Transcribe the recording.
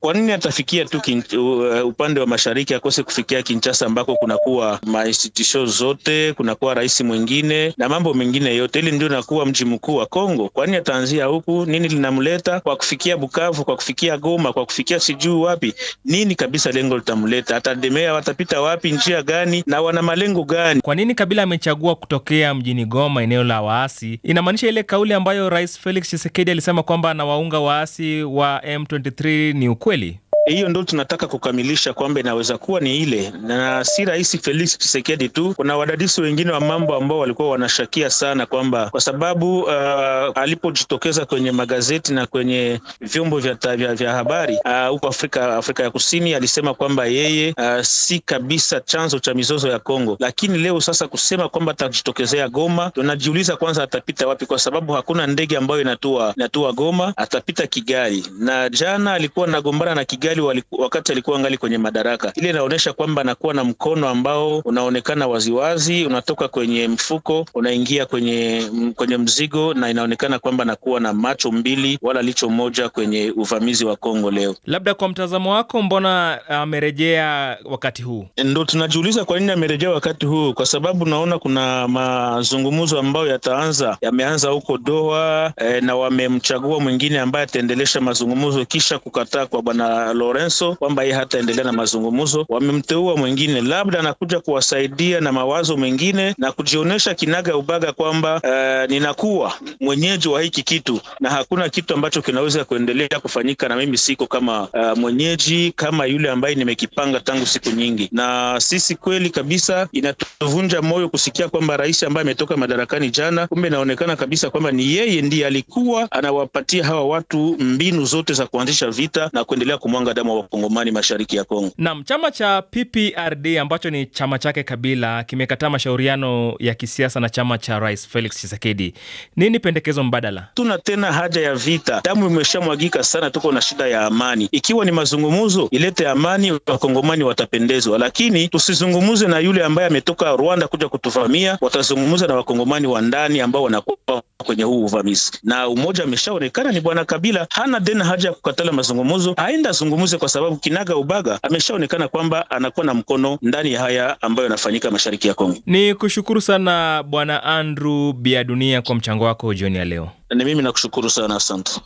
Kwa nini atafikia tu kin, uh, upande wa mashariki akose kufikia Kinshasa ambako kunakuwa mainstitution zote, kunakuwa rais mwingine na mambo mengine yote, ili ndio nakuwa mji mkuu wa Kongo. Kwa nini ataanzia huku? Nini linamleta kwa kufikia Bukavu, kwa kufikia Goma, kwa kufikia sijuu wapi? Nini kabisa lengo litamleta? Atademea, watapita wapi? Njia gani? Na wana malengo gani? Kwa nini Kabila amechagua kutokea mjini Goma, eneo la waasi? Inamaanisha ile kauli ambayo Rais Felix Tshisekedi alisema kwamba anawaunga waasi wa M23 ni uku ¡Vale! hiyo ndo tunataka kukamilisha kwamba inaweza kuwa ni ile, na si rahisi Felix Tshisekedi tu, kuna wadadisi wengine wa mambo ambao walikuwa wanashakia sana kwamba kwa sababu uh, alipojitokeza kwenye magazeti na kwenye vyombo vya, vya, vya habari uh, huko uh, Afrika, Afrika ya Kusini alisema kwamba yeye uh, si kabisa chanzo cha mizozo ya Kongo, lakini leo sasa kusema kwamba atajitokezea Goma, tunajiuliza kwanza atapita wapi, kwa sababu hakuna ndege ambayo inatua, inatua Goma, atapita Kigali, na jana alikuwa anagombana na Kigali Kigali wakati alikuwa ngali kwenye madaraka. Ile inaonyesha kwamba anakuwa na mkono ambao unaonekana waziwazi, unatoka kwenye mfuko unaingia kwenye kwenye mzigo, na inaonekana kwamba anakuwa na macho mbili wala licho moja kwenye uvamizi wa Kongo leo. Labda kwa mtazamo wako, mbona amerejea wakati huu? Ndo tunajiuliza kwa nini amerejea wakati huu, kwa sababu naona kuna mazungumzo ambayo yataanza, yameanza huko Doha eh, na wamemchagua mwingine ambaye ataendelesha mazungumzo kisha kukataa kwa bwana Lorenzo kwamba yeye hataendelea na mazungumzo. Wamemteua mwingine, labda anakuja kuwasaidia na mawazo mengine na kujionyesha kinaga ubaga kwamba uh, ninakuwa mwenyeji wa hiki kitu na hakuna kitu ambacho kinaweza kuendelea kufanyika na mimi siko kama uh, mwenyeji kama yule ambaye nimekipanga tangu siku nyingi. Na sisi kweli kabisa inatuvunja moyo kusikia kwamba rais ambaye ametoka madarakani jana, kumbe inaonekana kabisa kwamba ni yeye ndiye alikuwa anawapatia hawa watu mbinu zote za kuanzisha vita na kuendelea kumwanga kumwaga damu wa wakongomani mashariki ya Kongo. Naam, chama cha PPRD ambacho ni chama chake Kabila kimekataa mashauriano ya kisiasa na chama cha Rais Felix Tshisekedi. Nini pendekezo mbadala? Tuna tena haja ya vita, damu imeshamwagika sana, tuko na shida ya amani. Ikiwa ni mazungumzo ilete amani, wakongomani watapendezwa, lakini tusizungumuze na yule ambaye ametoka Rwanda kuja kutuvamia. Watazungumza na wakongomani wa ndani ambao wanakuwa kwenye huu uvamizi, na umoja ameshaonekana ni bwana Kabila hana tena haja ya kukatala mazungumzo, aenda azungumze, kwa sababu kinaga ubaga ameshaonekana kwamba anakuwa na mkono ndani ya haya ambayo yanafanyika mashariki ya Kongo. Ni kushukuru sana bwana Andrew Bia Dunia kwa mchango wako jioni ya leo. Ni mimi nakushukuru sana, asante.